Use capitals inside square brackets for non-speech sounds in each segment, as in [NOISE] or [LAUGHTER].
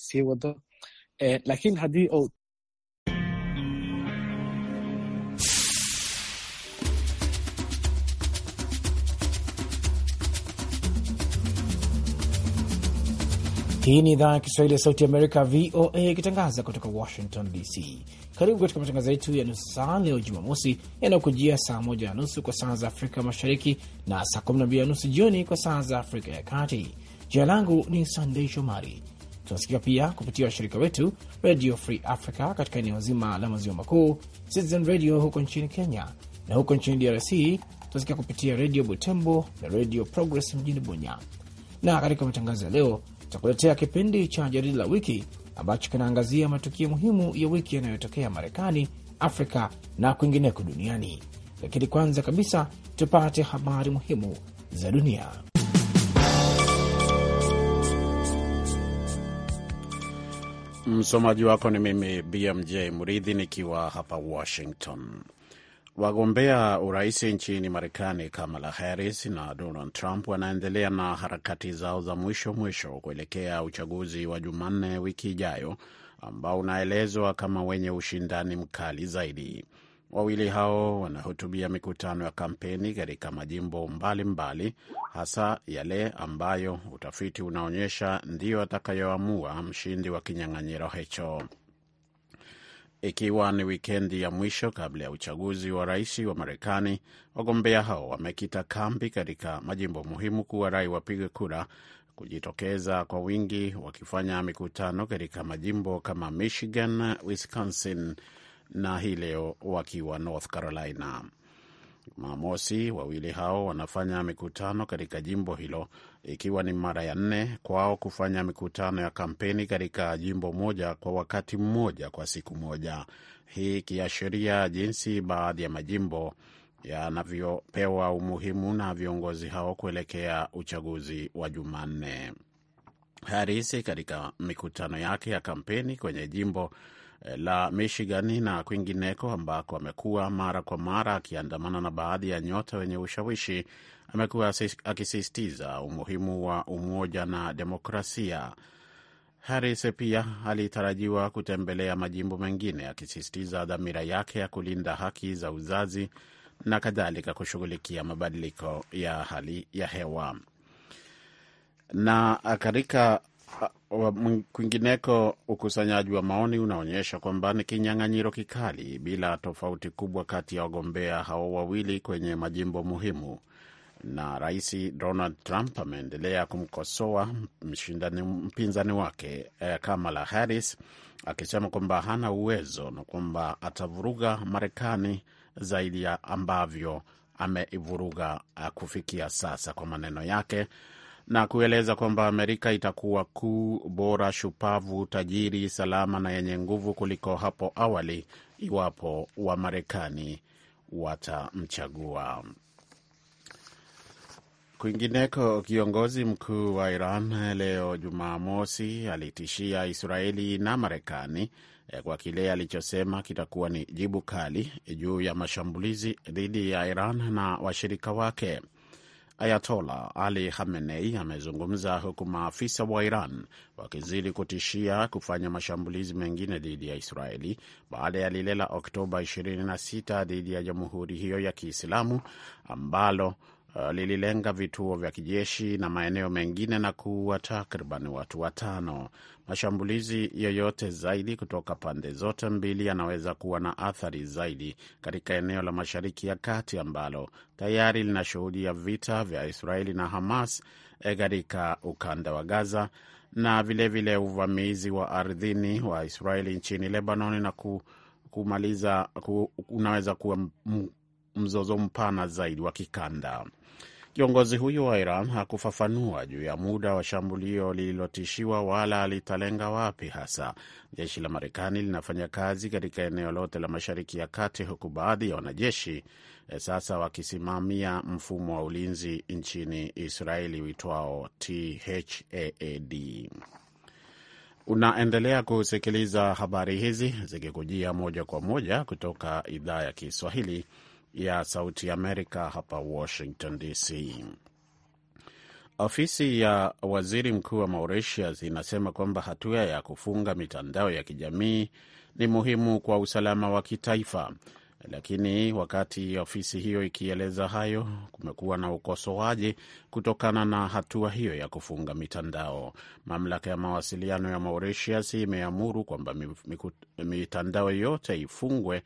sii wado laakiin haddii uu Hii ni idhaa ya Kiswahili ya sauti Amerika, VOA, ikitangaza kutoka Washington DC. Karibu katika matangazo yetu ya nusu saa leo Jumamosi, yanayokujia saa moja na nusu kwa saa za Afrika Mashariki na saa kumi na mbili na nusu jioni kwa saa za Afrika ya Kati. Jina langu ni Sandei Shomari Tunasikia pia kupitia washirika wetu Radio Free Africa katika eneo zima la maziwa makuu, Citizen Radio huko nchini Kenya, na huko nchini DRC tunasikia kupitia Radio Butembo na Radio Progress mjini Bunya. Na katika matangazo ya leo tutakuletea kipindi cha jarida la wiki ambacho kinaangazia matukio muhimu ya wiki yanayotokea Marekani, Afrika na kwingineko duniani. Lakini kwanza kabisa tupate habari muhimu za dunia. Msomaji wako ni mimi BMJ Mridhi nikiwa hapa Washington. Wagombea urais nchini Marekani Kamala Harris na Donald Trump wanaendelea na harakati zao za mwisho mwisho kuelekea uchaguzi wa Jumanne wiki ijayo ambao unaelezwa kama wenye ushindani mkali zaidi. Wawili hao wanahutubia mikutano ya kampeni katika majimbo mbalimbali mbali, hasa yale ambayo utafiti unaonyesha ndiyo atakayoamua mshindi wa kinyang'anyiro hicho. Ikiwa ni wikendi ya mwisho kabla ya uchaguzi wa rais wa Marekani, wagombea hao wamekita kambi katika majimbo muhimu kuwa rai wapiga kura kujitokeza kwa wingi, wakifanya mikutano katika majimbo kama Michigan, Wisconsin, na hii leo wakiwa North Carolina. Jumamosi, wawili hao wanafanya mikutano katika jimbo hilo, ikiwa ni mara ya nne kwao kufanya mikutano ya kampeni katika jimbo moja kwa wakati mmoja kwa siku moja, hii ikiashiria jinsi baadhi ya majimbo yanavyopewa umuhimu na viongozi hao kuelekea uchaguzi wa Jumanne. Harris katika mikutano yake ya kampeni kwenye jimbo Eh, la Michigan na kwingineko ambako amekuwa mara kwa mara akiandamana na baadhi ya nyota wenye ushawishi, amekuwa akisisitiza umuhimu wa umoja na demokrasia. Harris pia alitarajiwa kutembelea majimbo mengine akisisitiza dhamira yake ya kulinda haki za uzazi na kadhalika, kushughulikia mabadiliko ya hali ya hewa. Na katika Kwingineko, ukusanyaji wa maoni unaonyesha kwamba ni kinyang'anyiro kikali bila tofauti kubwa kati ya wagombea hao wawili kwenye majimbo muhimu, na Rais Donald Trump ameendelea kumkosoa mshindani mpinzani wake eh, Kamala Harris akisema kwamba hana uwezo na kwamba atavuruga Marekani zaidi ya ambavyo ameivuruga eh, kufikia sasa, kwa maneno yake na kueleza kwamba Amerika itakuwa kuu, bora, shupavu, tajiri, salama na yenye nguvu kuliko hapo awali iwapo Wamarekani watamchagua. Kwingineko, kiongozi mkuu wa Iran leo Jumamosi alitishia Israeli na Marekani eh, kwa kile alichosema kitakuwa ni jibu kali juu ya mashambulizi dhidi ya Iran na washirika wake. Ayatola Ali Khamenei amezungumza huku maafisa wa Iran wakizidi kutishia kufanya mashambulizi mengine dhidi ya Israeli baada ya lile la Oktoba 26 dhidi ya jamhuri hiyo ya Kiislamu ambalo Uh, lililenga vituo vya kijeshi na maeneo mengine na kuua takriban watu watano. Mashambulizi yoyote zaidi kutoka pande zote mbili yanaweza kuwa na athari zaidi katika eneo la Mashariki ya Kati ambalo tayari linashuhudia vita vya Israeli na Hamas eh, katika ukanda wa Gaza na vilevile vile uvamizi wa ardhini wa Israeli nchini Lebanon na ku, kumaliza ku, unaweza kuwa mzozo mpana zaidi wa kikanda. Kiongozi huyo wa Iran hakufafanua juu ya muda wa shambulio lililotishiwa wala litalenga wapi hasa. Jeshi la Marekani linafanya kazi katika eneo lote la Mashariki ya Kati, huku baadhi ya wanajeshi eh, sasa wakisimamia mfumo wa ulinzi nchini Israeli witwao THAAD. Unaendelea kusikiliza habari hizi zikikujia moja kwa moja kutoka idhaa ya Kiswahili ya Sauti Amerika hapa Washington DC. Ofisi ya waziri mkuu wa Mauritius inasema kwamba hatua ya kufunga mitandao ya kijamii ni muhimu kwa usalama wa kitaifa, lakini wakati ofisi hiyo ikieleza hayo, kumekuwa na ukosoaji kutokana na hatua hiyo ya kufunga mitandao. Mamlaka ya mawasiliano ya Mauritius imeamuru kwamba mitandao yote ifungwe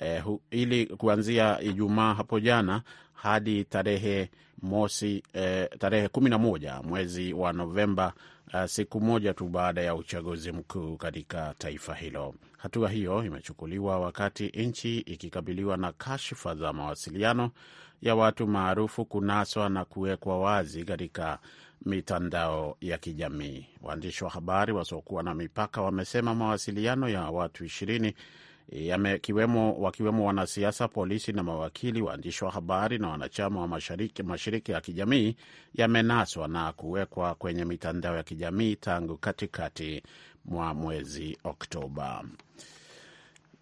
eh, ili kuanzia Ijumaa hapo jana hadi tarehe mosi eh, tarehe kumi na moja mwezi wa Novemba eh, siku moja tu baada ya uchaguzi mkuu katika taifa hilo. Hatua hiyo imechukuliwa wakati nchi ikikabiliwa na kashfa za mawasiliano ya watu maarufu kunaswa na kuwekwa wazi katika mitandao ya kijamii. Waandishi wa habari wasiokuwa na mipaka wamesema mawasiliano ya watu ishirini yamekiwemo wakiwemo wanasiasa, polisi na mawakili, waandishi wa habari na wanachama wa mashiriki ya kijamii yamenaswa na kuwekwa kwenye mitandao ya kijamii tangu katikati mwa mwezi Oktoba.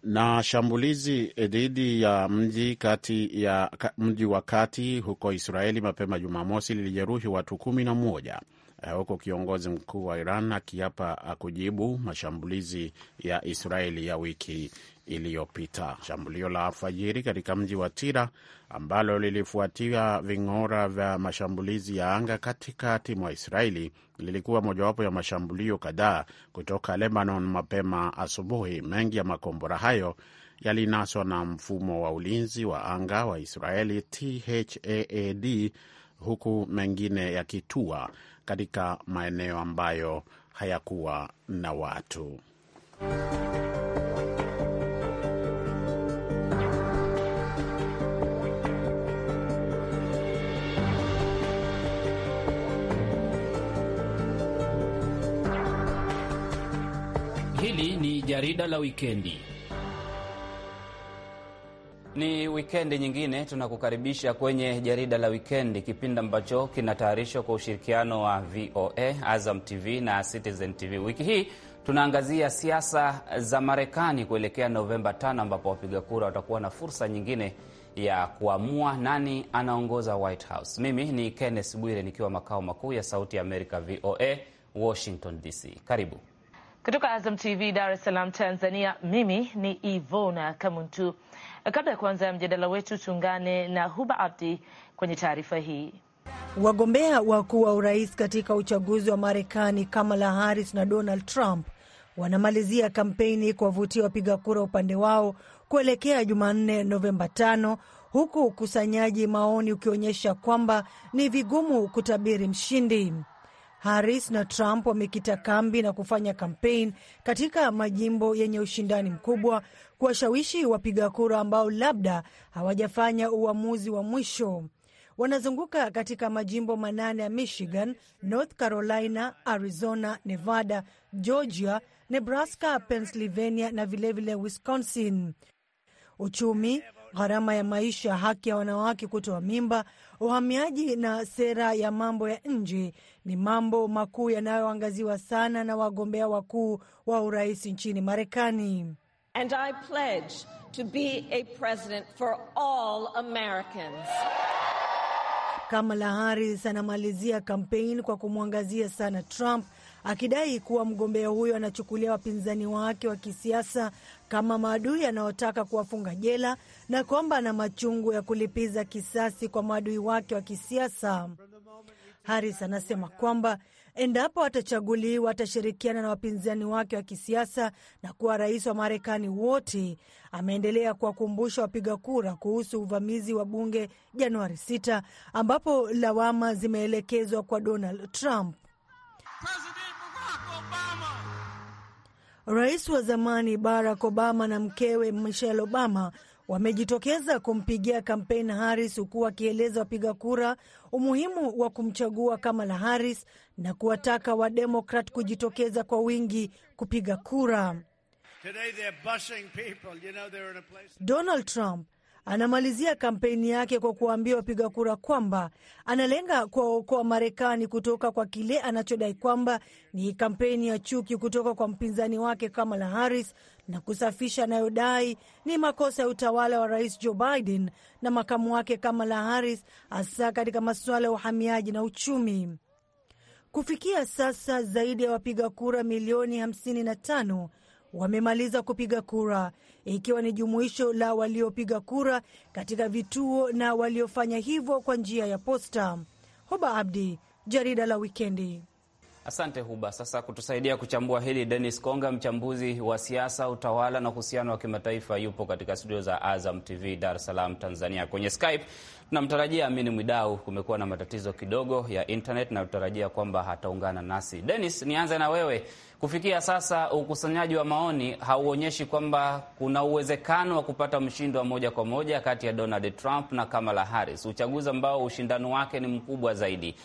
Na shambulizi dhidi ya mji kati ya mji wa kati huko Israeli mapema Jumamosi lilijeruhi watu kumi na moja eh, huku kiongozi mkuu wa Iran akiapa ah, kujibu mashambulizi ya Israeli ya wiki iliyopita. Shambulio la alfajiri katika mji wa Tira ambalo lilifuatia ving'ora vya mashambulizi ya anga katikati mwa Israeli lilikuwa mojawapo ya mashambulio kadhaa kutoka Lebanon mapema asubuhi. Mengi ya makombora hayo yalinaswa na mfumo wa ulinzi wa anga wa Israeli THAAD, huku mengine yakitua katika maeneo ambayo hayakuwa na watu. Jarida la wikendi. Ni wikendi nyingine tunakukaribisha kwenye jarida la wikendi, kipindi ambacho kinatayarishwa kwa ushirikiano wa VOA, Azam TV na Citizen TV. Wiki hii tunaangazia siasa za Marekani kuelekea Novemba 5 ambapo wapiga kura watakuwa na fursa nyingine ya kuamua nani anaongoza White House. Mimi ni Kenneth Bwire nikiwa makao makuu ya Sauti ya Amerika VOA, Washington DC. Karibu. Kutoka Azam TV Dar es Salaam, Tanzania, mimi ni Ivona Kamuntu. Kabla ya kuanza mjadala wetu, tuungane na Huba Abdi kwenye taarifa hii. Wagombea wakuu wa urais katika uchaguzi wa Marekani, Kamala Harris na Donald Trump wanamalizia kampeni kuwavutia wapiga kura upande wao kuelekea Jumanne Novemba tano, huku ukusanyaji maoni ukionyesha kwamba ni vigumu kutabiri mshindi. Harris na Trump wamekita kambi na kufanya kampeni katika majimbo yenye ushindani mkubwa kuwashawishi wapiga kura ambao labda hawajafanya uamuzi wa mwisho. Wanazunguka katika majimbo manane ya Michigan, North Carolina, Arizona, Nevada, Georgia, Nebraska, Pennsylvania na vilevile Wisconsin. Uchumi, gharama ya maisha, haki ya wanawake kutoa mimba, uhamiaji na sera ya mambo ya nje ni mambo makuu yanayoangaziwa sana na wagombea wakuu wa urais nchini Marekani. And I pledge to be a president for all Americans. Kamala Harris anamalizia kampeni kwa kumwangazia sana Trump akidai kuwa mgombea huyo anachukulia wapinzani wake wa kisiasa kama maadui anaotaka kuwafunga jela na kwamba ana machungu ya kulipiza kisasi kwa maadui wake wa kisiasa. Harris anasema kwamba endapo atachaguliwa, atashirikiana na wapinzani wake wa kisiasa na kuwa rais wa Marekani wote. Ameendelea kuwakumbusha wapiga kura kuhusu uvamizi wa bunge Januari 6 ambapo lawama zimeelekezwa kwa Donald Trump. Rais wa zamani Barack Obama na mkewe Michelle Obama wamejitokeza kumpigia kampeni Harris, huku akieleza wapiga kura umuhimu wa kumchagua Kamala Harris na kuwataka Wademokrat kujitokeza kwa wingi kupiga kura. Today they're people. You know, they're in a place... Donald Trump Anamalizia kampeni yake kwa kuwaambia wapiga kura kwamba analenga kuwaokoa Marekani kutoka kwa kile anachodai kwamba ni kampeni ya chuki kutoka kwa mpinzani wake Kamala Harris na kusafisha anayodai ni makosa ya utawala wa Rais Joe Biden na makamu wake Kamala Harris, hasa katika masuala ya uhamiaji na uchumi. Kufikia sasa zaidi ya wapiga kura milioni 55 wamemaliza kupiga kura, ikiwa ni jumuisho la waliopiga kura katika vituo na waliofanya hivyo kwa njia ya posta. Hoba Abdi, jarida la Wikendi. Asante Huba. Sasa kutusaidia kuchambua hili, denis Konga, mchambuzi wa siasa, utawala na uhusiano wa kimataifa, yupo katika studio za Azam TV Dar es Salaam, Tanzania. Kwenye Skype tunamtarajia Amini Mwidau. Kumekuwa na matatizo kidogo ya internet na tutarajia kwamba hataungana nasi. denis nianze na wewe. Kufikia sasa ukusanyaji wa maoni hauonyeshi kwamba kuna uwezekano wa kupata mshindi wa moja kwa moja kati ya Donald Trump na Kamala Harris, uchaguzi ambao ushindani wake ni mkubwa zaidi.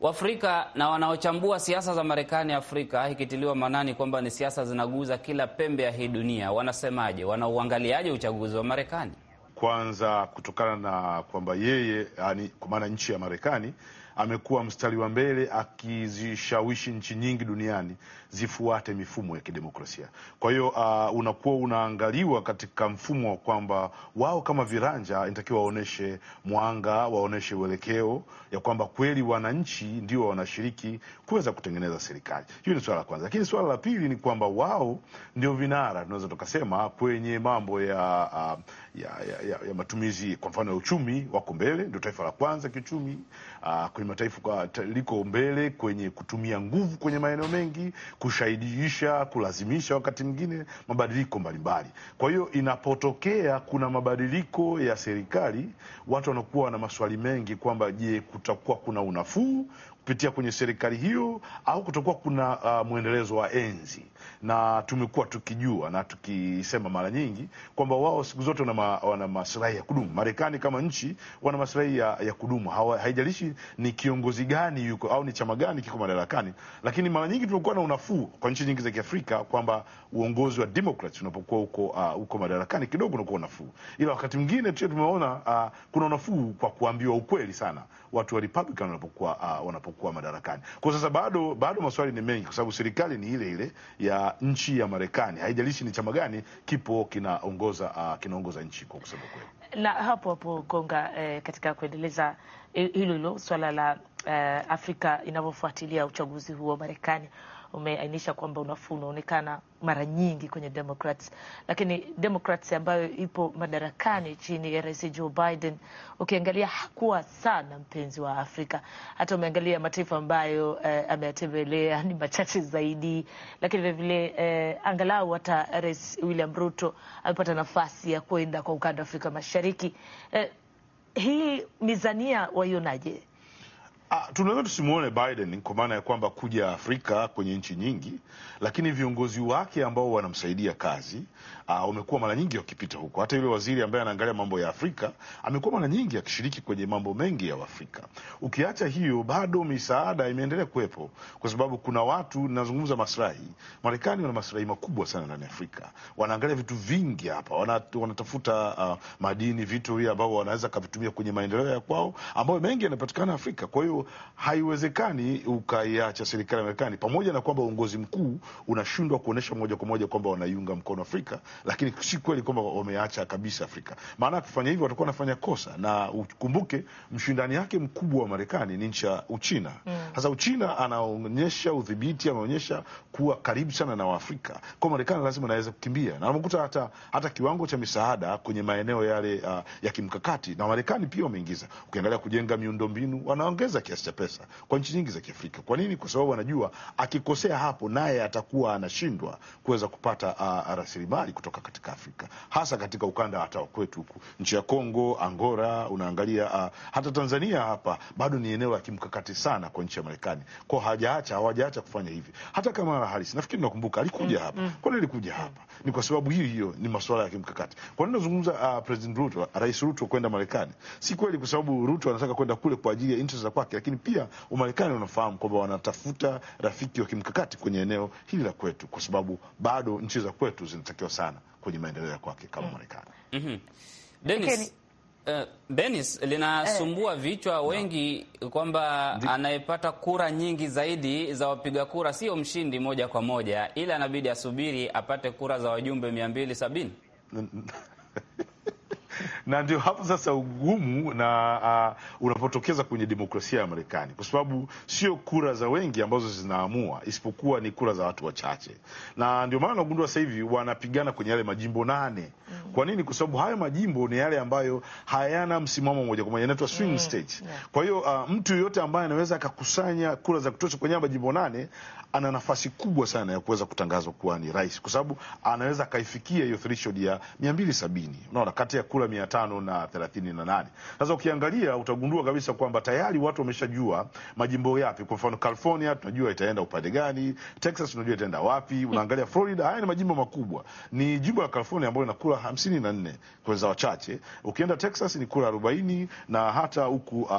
Waafrika na wanaochambua siasa za Marekani Afrika, ikitiliwa maanani kwamba ni siasa zinaguza kila pembe ya hii dunia, wanasemaje? Wanauangaliaje uchaguzi wa Marekani? Kwanza, kutokana na kwamba yeye, yani kwa maana nchi ya Marekani amekuwa mstari wa mbele akizishawishi nchi nyingi duniani zifuate mifumo ya kidemokrasia. Kwa hiyo uh, unakuwa unaangaliwa katika mfumo wa kwamba wao kama viranja inatakiwa waoneshe mwanga, waoneshe uelekeo ya kwamba kweli wananchi ndio wanashiriki kuweza kutengeneza serikali. Hiyo ni swala la kwanza, lakini swala la pili ni kwamba wao ndio vinara, tunaweza tukasema kwenye mambo ya, uh, ya, ya, ya, ya matumizi kwa mfano ya uchumi, wako mbele, ndio taifa la kwanza kiuchumi uh, kwenye mataifa liko mbele kwenye kutumia nguvu kwenye maeneo mengi kushahidiisha, kulazimisha wakati mwingine mabadiliko mbalimbali. Kwa hiyo inapotokea kuna mabadiliko ya serikali, watu wanakuwa na maswali mengi kwamba je, kutakuwa kuna unafuu? kupitia kwenye serikali hiyo au kutokuwa kuna uh, mwendelezo wa enzi, na tumekuwa tukijua na tukisema mara nyingi kwamba wao siku zote wana, ma, wana maslahi ya kudumu. Marekani kama nchi wana maslahi ya, ya kudumu, Hawa, haijalishi ni kiongozi gani yuko au ni chama gani kiko madarakani. Lakini mara nyingi tumekuwa na unafuu kwa nchi nyingi za Kiafrika kwamba uongozi wa Democrats unapokuwa uko, uh, uko madarakani kidogo unakuwa unafuu, ila wakati mwingine tumeona uh, kuna unafuu kwa kuambiwa ukweli sana watu wa Republican wanapokuwa uh, wanapokuwa kuwa madarakani. Kwa sasa bado bado maswali ni mengi, kwa sababu serikali ni ile ile ya nchi ya Marekani, haijalishi ni chama gani kipo kinaongoza uh, kinaongoza nchi kwa kusema kweli. Na hapo hapo konga eh, katika kuendeleza eh, hilo hilo swala la eh, Afrika inavyofuatilia uchaguzi huo Marekani umeainisha kwamba unafuu unaonekana mara nyingi kwenye Democrats, lakini Democrats ambayo ipo madarakani chini ya Rais Joe Biden, ukiangalia hakuwa sana mpenzi wa Afrika. Hata umeangalia mataifa ambayo eh, ameyatembelea ni machache zaidi, lakini vilevile eh, angalau hata Rais William Ruto amepata nafasi ya kwenda kwa ukanda wa Afrika Mashariki. Eh, hii mizania waionaje? Ah, tunaweza tusimuone Biden kwa maana ya kwamba kuja Afrika kwenye nchi nyingi, lakini viongozi wake ambao wanamsaidia kazi Ah, wamekuwa uh, mara nyingi wakipita huko. Hata yule waziri ambaye anaangalia mambo ya Afrika amekuwa mara nyingi akishiriki kwenye mambo mengi ya Afrika. Ukiacha hiyo, bado misaada imeendelea kuwepo, kwa sababu kuna watu, nazungumza maslahi. Marekani wana maslahi makubwa sana ndani ya Afrika, wanaangalia vitu vingi hapa, wanatafuta uh, madini, vitu hivi ambavyo wanaweza kavitumia kwenye maendeleo ya kwao, ambayo mengi yanapatikana Afrika. Kwa hiyo haiwezekani ukaiacha serikali ya Marekani, pamoja na kwamba uongozi mkuu unashindwa kuonyesha moja kwa moja kwamba wanaiunga mkono Afrika lakini si kweli kwamba wameacha kabisa Afrika, maana kufanya hivyo watakuwa wanafanya kosa, na ukumbuke mshindani yake mkubwa wa Marekani ni nchi ya Uchina. Mm. Sasa mm. Uchina anaonyesha udhibiti, anaonyesha kuwa karibu sana na Waafrika, kwa Marekani lazima naweza kukimbia, na unakuta hata, hata kiwango cha misaada kwenye maeneo yale uh, ya kimkakati na Marekani pia wameingiza. Ukiangalia kujenga miundombinu, wanaongeza kiasi cha pesa kwa nchi nyingi za Kiafrika. Kwa nini? Kwa sababu wanajua akikosea hapo, naye atakuwa anashindwa kuweza kupata uh, rasilimali kutoka katika Afrika, hasa katika ukanda hata wa kwetu huku nchi ya Kongo, Angola, unaangalia uh, hata Tanzania hapa bado ni eneo la kimkakati sana kwa nchi ya Marekani, kwa hajaacha hawajaacha kufanya hivi. Hata Kamala Harris nafikiri nakumbuka alikuja mm, hapa mm. Kwa nini alikuja hapa? Ni kwa sababu hiyo hiyo, ni masuala ya kimkakati. Kwa nini nazungumza uh, ah, President Ruto, Rais Ruto kwenda Marekani? Si kweli, kwa sababu Ruto anataka kwenda kule kwa ajili ya interest za kwake, lakini pia Umarekani unafahamu kwamba wanatafuta rafiki wa kimkakati kwenye eneo hili la kwetu, kwa sababu bado nchi za kwetu zinatakiwa sana sana kwenye maendeleo ya kwake kama mm. Marekani. mm -hmm. Dennis, uh, Dennis, linasumbua eh. vichwa wengi no. kwamba anayepata kura nyingi zaidi za wapiga kura sio mshindi moja kwa moja, ila anabidi asubiri apate kura za wajumbe mia mbili sabini [LAUGHS] na ndio hapo sasa ugumu na uh, unapotokeza kwenye demokrasia ya Marekani, kwa sababu sio kura za wengi ambazo zinaamua, isipokuwa ni kura za watu wachache, na ndio maana unagundua sasa hivi wanapigana kwenye yale majimbo nane mm. Kwa nini? Kwa sababu hayo majimbo ni yale ambayo hayana msimamo moja kwa moja, inaitwa swing mm, state. yeah. Kwa hiyo uh, mtu yoyote ambaye anaweza akakusanya kura za kutosha kwenye majimbo nane ana nafasi kubwa sana ya kuweza kutangazwa kuwa ni rais, kwa sababu anaweza akaifikia hiyo threshold ya 270 unaona, kati ya kura 500 na 38. Sasa ukiangalia utagundua kabisa kwamba tayari watu wameshajua majimbo yapi. Kwa mfano California tunajua itaenda upande gani, Texas tunajua itaenda wapi, unaangalia Florida. Haya ni majimbo makubwa. Ni jimbo la California ambalo lina kura hamsini na nne kuweza wachache. Ukienda Texas ni kura arobaini na hata huku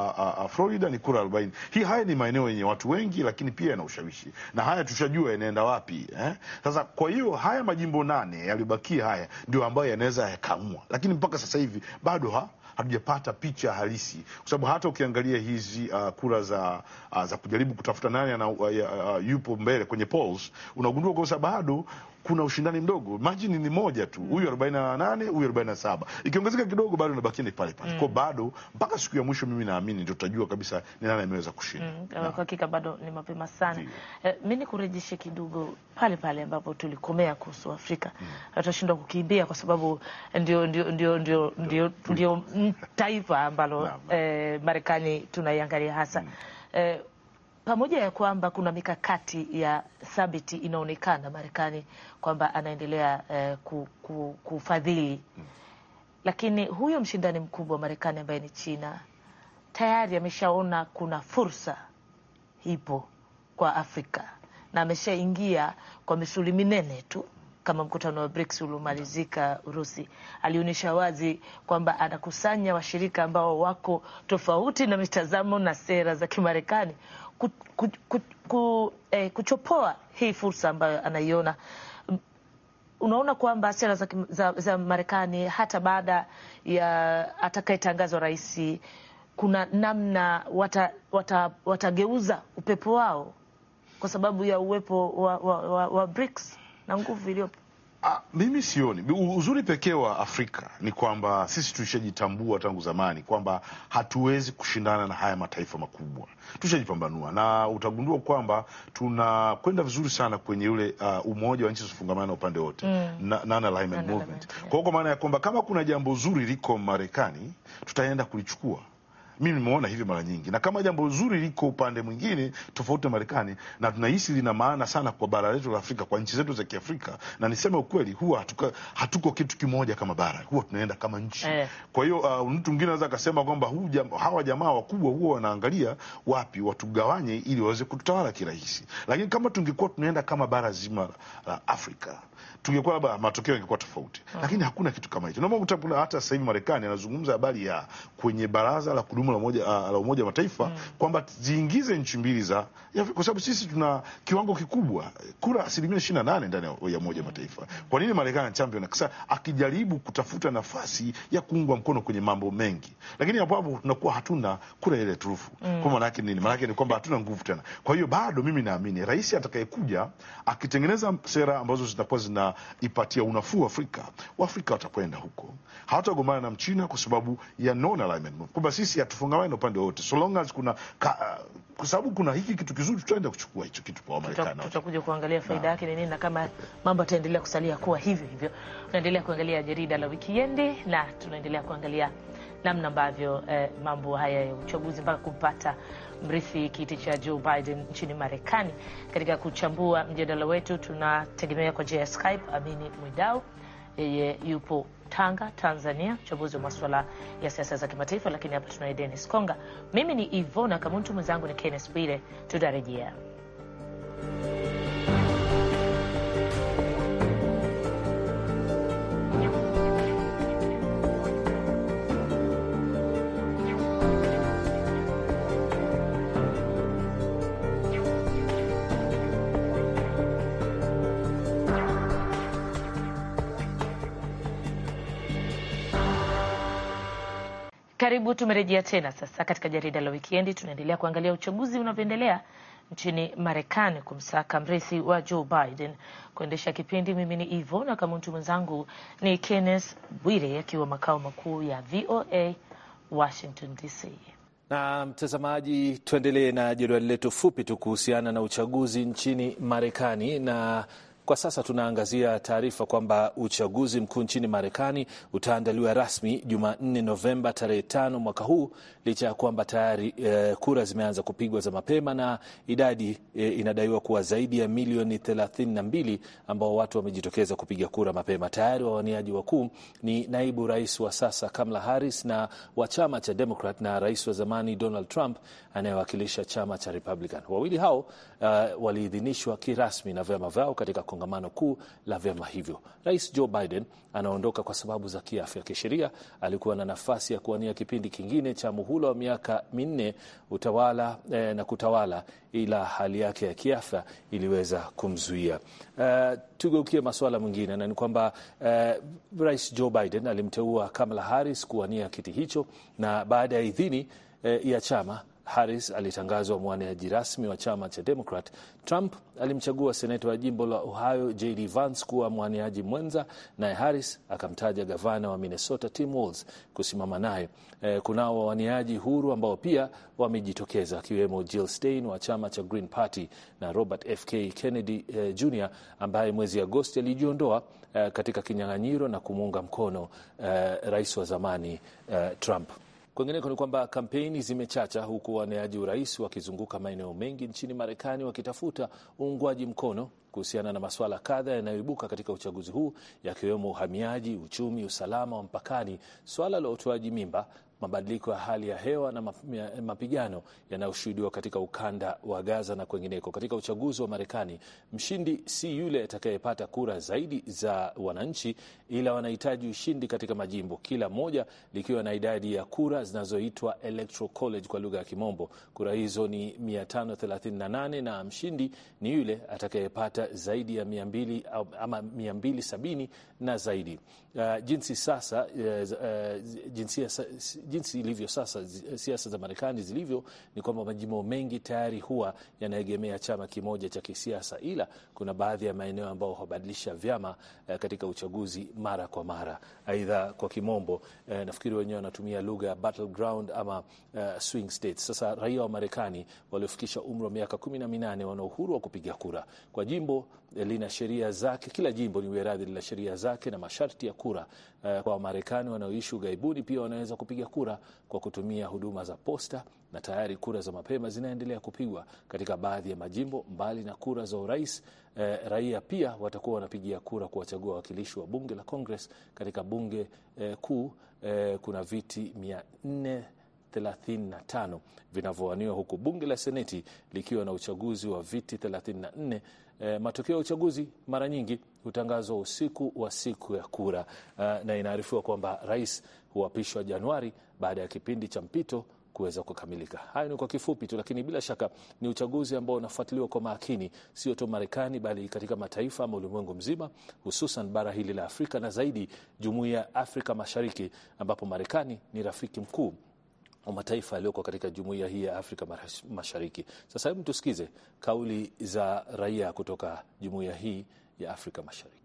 Florida ni kura arobaini. Hii haya ni maeneo yenye watu wengi, lakini pia yana ushawishi na haya tushajua yanaenda wapi eh? Sasa kwa hiyo haya majimbo nane yaliyobakia haya ndio ambayo yanaweza yakaamua, lakini mpaka sasa hivi bado ha hatujapata picha halisi, kwa sababu hata ukiangalia hizi uh, kura za uh, za kujaribu kutafuta nani ana, uh, uh, yupo mbele kwenye polls unagundua kwamba bado kuna ushindani mdogo, margin ni moja tu, mm. huyu arobaini nane huyu arobaini saba Ikiongezeka kidogo bado nabaki ni pale pale, mm. kwa bado mpaka siku ya mwisho mimi naamini ndio tutajua kabisa ni nani ameweza kushinda. Mm. Kwa hakika bado ni mapema sana. e, eh, mimi nikurejeshe kidogo pale pale ambapo tulikomea kuhusu Afrika. Mm. Tutashindwa kukimbia kwa sababu ndio ndio ndio ndio ndio, ndio mm. taifa ambalo eh, Marekani tunaiangalia hasa. Mm. Eh, pamoja ya kwamba kuna mikakati ya thabiti inaonekana Marekani kwamba anaendelea eh, kufadhili hmm. Lakini huyo mshindani mkubwa wa Marekani ambaye ni China tayari ameshaona kuna fursa ipo kwa Afrika na ameshaingia kwa misuli minene tu kama mkutano wa BRICS uliomalizika Urusi, alionyesha wazi kwamba anakusanya washirika ambao wako tofauti na mitazamo na sera za Kimarekani ku, ku, ku, ku, eh, kuchopoa hii fursa ambayo anaiona. Unaona kwamba sera za, za, za Marekani hata baada ya atakayetangazwa rais, kuna namna watageuza wata, wata upepo wao kwa sababu ya uwepo wa, wa, wa, wa BRICS na nguvu iliyopo? Ah, mimi sioni. Uzuri pekee wa Afrika ni kwamba sisi tulishajitambua tangu zamani kwamba hatuwezi kushindana na haya mataifa makubwa, tushajipambanua, na utagundua kwamba tunakwenda vizuri sana kwenye ule uh, umoja wa nchi zifungamana upande wote mm. na alignment movement. Kwa hiyo kwa maana ya kwamba kama kuna jambo zuri liko Marekani, tutaenda kulichukua mimi nimeona hivyo mara nyingi, na kama jambo zuri liko upande mwingine tofauti na Marekani, na tunahisi lina maana sana kwa bara letu la Afrika, kwa nchi zetu za Kiafrika, na niseme ukweli, huwa hatuka, hatuko kitu kimoja kama bara, huwa tunaenda kama nchi eh. Kwa hiyo uh, mtu mwingine anaweza akasema kwamba jam, hawa jamaa wakubwa huwa wanaangalia wapi watugawanye ili waweze kututawala kirahisi, lakini kama tungekuwa tunaenda kama bara zima la Afrika tungekuwa labda matokeo yangekuwa tofauti ah. Lakini hakuna kitu kama hicho. Naomba kuna hata sasa hivi Marekani anazungumza habari ya kwenye baraza la kudumu la umoja ah, la Umoja wa Mataifa mm. kwamba ziingize nchi mbili za ya, kwa sababu sisi tuna kiwango kikubwa kura asilimia ishirini na nane ndani ya Umoja wa Mataifa. Kwa nini Marekani champion kisa akijaribu kutafuta nafasi ya kuungwa mkono kwenye mambo mengi, lakini hapo hapo tunakuwa hatuna kura ile turufu mm. Kwa maana yake nini? Maana yake ni kwamba hatuna nguvu tena. Kwa hiyo bado mimi naamini rais atakayekuja akitengeneza sera ambazo zitakuwa zina ipatia unafuu Afrika, Waafrika watakwenda huko, hawatagombana na Mchina kwa sababu ya non alignment, kwamba sisi hatufungamani na upande wowote, so long as kuna uh, kwa sababu kuna hiki kitu kizuri, tutaenda kuchukua hicho kitu kwa Marekani. Tutakuja kuangalia faida yake ni nini na kama mambo yataendelea kusalia kuwa hivyo hivyo. Tunaendelea kuangalia jarida la wikiendi na tunaendelea kuangalia namna ambavyo eh, mambo haya ya uchaguzi mpaka kumpata mrithi kiti cha Joe Biden nchini Marekani. Katika kuchambua mjadala wetu, tunategemea kwa njia ya Skype Amini Mwidau, yeye yupo Tanga, Tanzania, mchambuzi wa masuala ya siasa za kimataifa. Lakini hapa tunaye Dennis Konga, mimi ni Ivona Kamuntu, mwenzangu ni Kenneth Bwire. Tutarejea. karibu, tumerejea tena sasa katika jarida la wikendi. Tunaendelea kuangalia uchaguzi unavyoendelea nchini Marekani kumsaka mrithi wa Joe Biden. Kuendesha kipindi mimi ni Ivona Kamuntu, mwenzangu ni Kenneth Bwire akiwa makao makuu ya VOA Washington DC. Na mtazamaji, tuendelee na jedwali letu fupi tu kuhusiana na uchaguzi nchini Marekani na kwa sasa tunaangazia taarifa kwamba uchaguzi mkuu nchini Marekani utaandaliwa rasmi Jumanne, Novemba tarehe tano mwaka huu, licha ya kwamba tayari e, kura zimeanza kupigwa za mapema na idadi e, inadaiwa kuwa zaidi ya milioni 32 ambao watu wamejitokeza kupiga kura mapema. Tayari wawaniaji wakuu ni naibu rais wa sasa Kamala Harris na wa chama cha Demokrat na rais wa zamani Donald Trump anayewakilisha chama cha Republican. Wawili hao uh, waliidhinishwa kirasmi na vyama vyao katika kongamano kuu la vyama hivyo. Rais Joe Biden anaondoka kwa sababu za kiafya. Kisheria alikuwa na nafasi ya kuwania kipindi kingine cha muhula wa miaka minne utawala eh, na kutawala, ila hali yake ya kiafya iliweza kumzuia. Uh, tugeukie masuala mengine, na ni kwamba uh, Rais Joe Biden alimteua Kamala Harris kuwania kiti hicho na baada ya idhini eh, ya chama Harris alitangazwa mwaniaji rasmi wa chama cha Demokrat. Trump alimchagua seneta wa jimbo la Ohio JD Vance kuwa mwaniaji mwenza, naye Harris akamtaja gavana wa Minnesota Tim Walz kusimama naye. E, kunao wawaniaji huru ambao pia wamejitokeza akiwemo Jill Stein wa chama cha Green Party na Robert F K Kennedy e, eh, Jr ambaye mwezi Agosti alijiondoa e, katika kinyang'anyiro na kumuunga mkono e, rais wa zamani e, Trump. Kwingineko ni kwamba kampeni zimechacha huku waneaji urais wakizunguka maeneo mengi nchini Marekani wakitafuta uungwaji mkono kuhusiana na masuala kadha yanayoibuka katika uchaguzi huu yakiwemo uhamiaji, uchumi, usalama wa mpakani, swala la utoaji mimba, mabadiliko ya hali ya hewa na mapigano yanayoshuhudiwa katika ukanda wa Gaza na kwengineko. Katika uchaguzi wa Marekani, mshindi si yule atakayepata kura zaidi za wananchi, ila wanahitaji ushindi katika majimbo, kila moja likiwa na idadi ya kura zinazoitwa electoral college kwa lugha ya Kimombo. Kura hizo ni 538 na mshindi ni yule atakayepata zaidi ya 200 ama 270 na zaidi uh, jinsi sasa uh, jinsi, jinsi ilivyo sasa siasa za Marekani zilivyo ni kwamba majimbo mengi tayari huwa yanaegemea chama kimoja cha kisiasa, ila kuna baadhi ya maeneo ambayo hubadilisha vyama uh, katika uchaguzi mara kwa mara. Aidha, kwa kimombo uh, nafikiri wenyewe wanatumia lugha ya battleground ama uh, swing states. Sasa raia wa Marekani waliofikisha umri wa miaka kumi na minane wana uhuru wa kupiga kura kwa jimbo lina sheria zake, kila jimbo ni weradhi lina sheria zake na masharti ya kura. Eh, kwa Wamarekani wanaoishi ughaibuni pia wanaweza kupiga kura kwa kutumia huduma za posta, na tayari kura za mapema zinaendelea kupigwa katika baadhi ya majimbo. Mbali na kura za urais, eh, raia pia watakuwa wanapigia kura kuwachagua wawakilishi wa bunge la Kongres katika bunge eh, kuu. kuna viti mia nne 35 vinavyowaniwa huku bunge la Seneti likiwa na uchaguzi wa viti 34 e, matokeo ya uchaguzi mara nyingi hutangazwa usiku wa siku ya kura e, na inaarifiwa kwamba rais huapishwa Januari baada ya kipindi cha mpito kuweza kukamilika. Hayo ni kwa kifupi tu, lakini bila shaka ni uchaguzi ambao unafuatiliwa kwa makini, sio tu Marekani bali katika mataifa ama ulimwengu mzima, hususan bara hili la Afrika na zaidi jumuiya ya Afrika Mashariki, ambapo Marekani ni rafiki mkuu wa mataifa yaliyoko katika jumuiya hii ya Afrika Mashariki. Sasa hebu tusikize kauli za raia kutoka jumuiya hii ya Afrika Mashariki.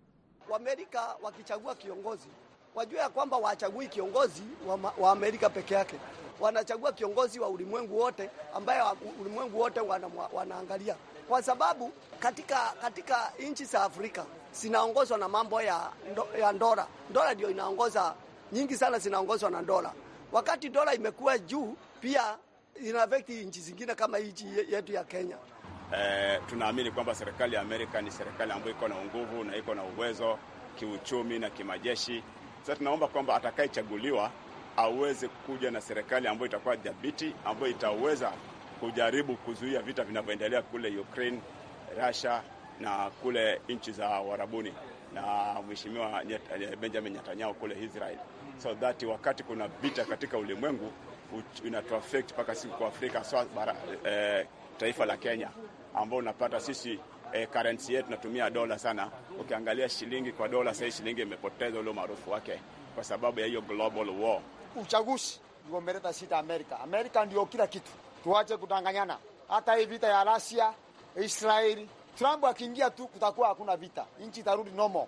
Waamerika wakichagua kiongozi wajua ya kwamba wachagui kiongozi wa, wa Amerika peke yake, wanachagua kiongozi wa ulimwengu wote, ambaye ulimwengu wote wana, wanaangalia kwa sababu katika, katika nchi za Afrika zinaongozwa na mambo ya, ya ndora Ndola ndio inaongoza nyingi sana, zinaongozwa na ndora Wakati dola imekuwa juu, pia ina affect nchi zingine kama nchi yetu ya Kenya. Eh, tunaamini kwamba serikali ya Amerika ni serikali ambayo iko na nguvu na iko na uwezo kiuchumi na kimajeshi. Sasa tunaomba kwamba atakayechaguliwa aweze kuja na serikali ambayo itakuwa dhabiti, ambayo itaweza kujaribu kuzuia vita vinavyoendelea kule Ukraine, Russia na kule nchi za Warabuni na Mheshimiwa Benjamin Netanyahu kule Israel so that wakati kuna vita katika ulimwengu inatuaffect mpaka siku kwa Afrika so, bara, eh, taifa la Kenya ambao unapata sisi eh, currency yetu natumia dola sana. Ukiangalia shilingi kwa dola, sasa shilingi imepoteza ule maarufu wake kwa sababu ya hiyo global war. Uchaguzi ndio umeleta sita Amerika. Amerika ndio kila kitu, tuache kudanganyana. Hata hii vita ya Russia Israeli, Trump akiingia tu kutakuwa hakuna vita, nchi itarudi normal.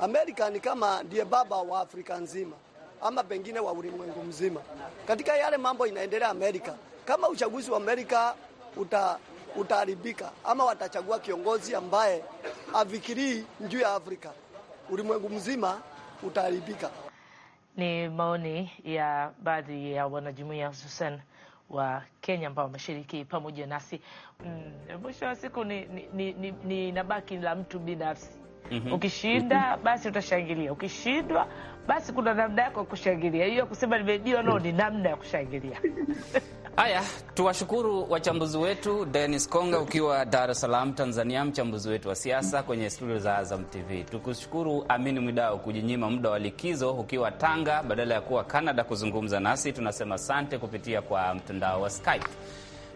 Amerika ni kama ndiye baba wa Afrika nzima ama pengine wa ulimwengu mzima katika yale mambo inaendelea Amerika. Kama uchaguzi wa Amerika uta utaharibika ama watachagua kiongozi ambaye afikirii juu ya Afrika, ulimwengu mzima utaharibika. Ni maoni ya baadhi ya wanajumuiya hususan wa Kenya ambao wameshiriki pamoja nasi. Mm, mwisho wa siku ni, ni, ni, ni, ni nabaki la mtu binafsi. Mm -hmm. Ukishinda [LAUGHS] basi utashangilia, ukishindwa basi kuna namna yako ya kushangilia. Hiyo kusema nimeibiwa, no, ni namna ya kushangilia. [LAUGHS] Haya, tuwashukuru wachambuzi wetu, Dennis Konga ukiwa Dar es Salaam Tanzania, mchambuzi wetu wa siasa kwenye studio za Azam TV. Tukushukuru Amini Mwidao kujinyima muda wa likizo ukiwa Tanga badala ya kuwa Canada kuzungumza nasi. Tunasema sante kupitia kwa mtandao wa Skype.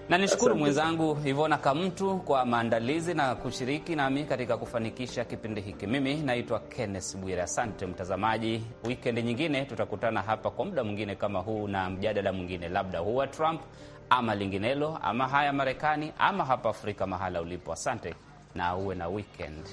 Na nishukuru mwenzangu Ivona Kamtu kwa maandalizi na kushiriki nami katika kufanikisha kipindi hiki. Mimi naitwa Kenneth Bwire. Asante mtazamaji, wikendi nyingine tutakutana hapa kwa muda mwingine kama huu na mjadala mwingine, labda huwa Trump ama linginelo ama haya Marekani ama hapa Afrika mahala ulipo. Asante na uwe na weekend.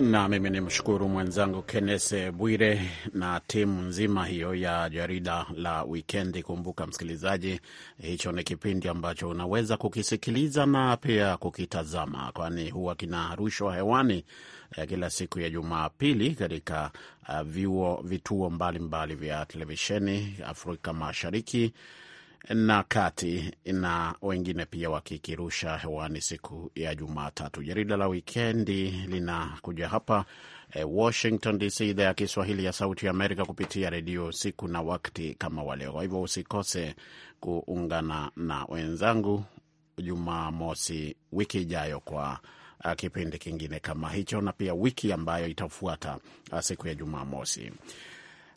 na mimi ni mshukuru mwenzangu Kennes Bwire na timu nzima hiyo ya jarida la wikendi. Kumbuka msikilizaji, hicho ni kipindi ambacho unaweza kukisikiliza na pia kukitazama, kwani huwa kinarushwa hewani eh, kila siku ya Jumapili katika uh, vituo mbalimbali mbali vya televisheni Afrika Mashariki na kati na wengine pia wakikirusha hewani siku ya Jumatatu. Jarida la wikendi linakuja hapa eh, Washington DC, idhaa ya Kiswahili ya Sauti ya Amerika kupitia redio siku na wakti kama waleo. Kwa hivyo usikose kuungana na wenzangu Jumamosi wiki ijayo kwa eh, kipindi kingine kama hicho, na pia wiki ambayo itafuata eh, siku ya Jumamosi.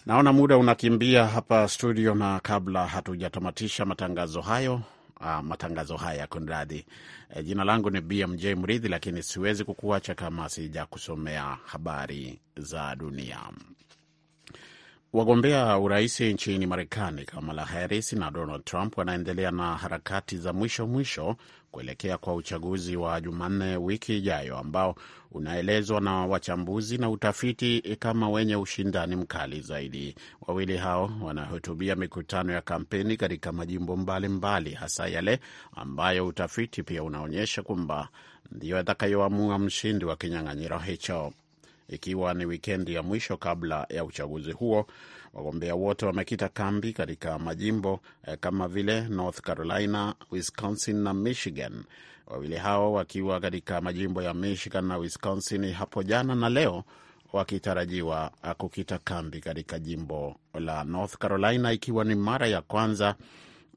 Naona muda unakimbia hapa studio, na kabla hatujatamatisha matangazo hayo Uh, matangazo haya kunradhi. E, jina langu ni BMJ Mridhi, lakini siwezi kukuacha kama sijakusomea habari za dunia. Wagombea urais nchini Marekani Kamala Harris na Donald Trump wanaendelea na harakati za mwisho mwisho kuelekea kwa uchaguzi wa Jumanne wiki ijayo ambao unaelezwa na wachambuzi na utafiti kama wenye ushindani mkali zaidi. Wawili hao wanahutubia mikutano ya kampeni katika majimbo mbalimbali mbali, hasa yale ambayo utafiti pia unaonyesha kwamba ndiyo atakayoamua mshindi wa kinyang'anyiro hicho ikiwa ni wikendi ya mwisho kabla ya uchaguzi huo. Wagombea wote wamekita kambi katika majimbo eh, kama vile North Carolina, Wisconsin na Michigan, wawili hao wakiwa katika majimbo ya Michigan na Wisconsin hapo jana na leo wakitarajiwa eh, kukita kambi katika jimbo la North Carolina, ikiwa ni mara ya kwanza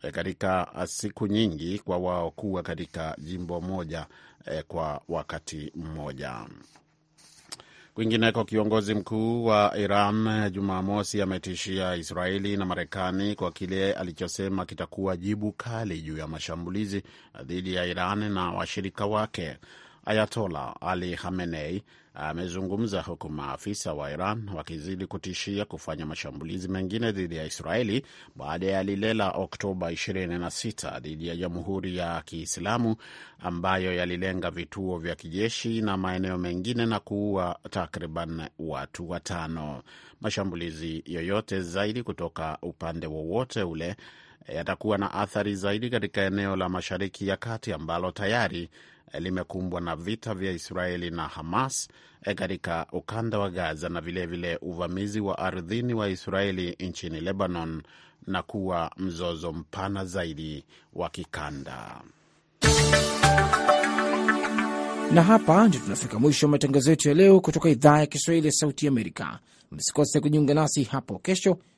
eh, katika siku nyingi kwa wao kuwa katika jimbo moja eh, kwa wakati mmoja. Kwingineko, kiongozi mkuu wa Iran eh, Jumamosi ametishia Israeli na Marekani kwa kile alichosema kitakuwa jibu kali juu ya mashambulizi dhidi ya Iran na washirika wake. Ayatola Ali Khamenei amezungumza huku maafisa wa Iran wakizidi kutishia kufanya mashambulizi mengine dhidi ya Israeli baada ya lile la Oktoba 26 dhidi ya Jamhuri ya Kiislamu ambayo yalilenga vituo vya kijeshi na maeneo mengine na kuua takriban watu watano. Mashambulizi yoyote zaidi kutoka upande wowote ule yatakuwa na athari zaidi katika eneo la Mashariki ya Kati ambalo tayari limekumbwa na vita vya Israeli na Hamas eh, katika ukanda wa Gaza na vilevile vile uvamizi wa ardhini wa Israeli nchini Lebanon na kuwa mzozo mpana zaidi wa kikanda. Na hapa ndio tunafika mwisho wa matangazo yetu ya leo kutoka idhaa ya Kiswahili ya Sauti Amerika. Msikose kujiunga nasi hapo kesho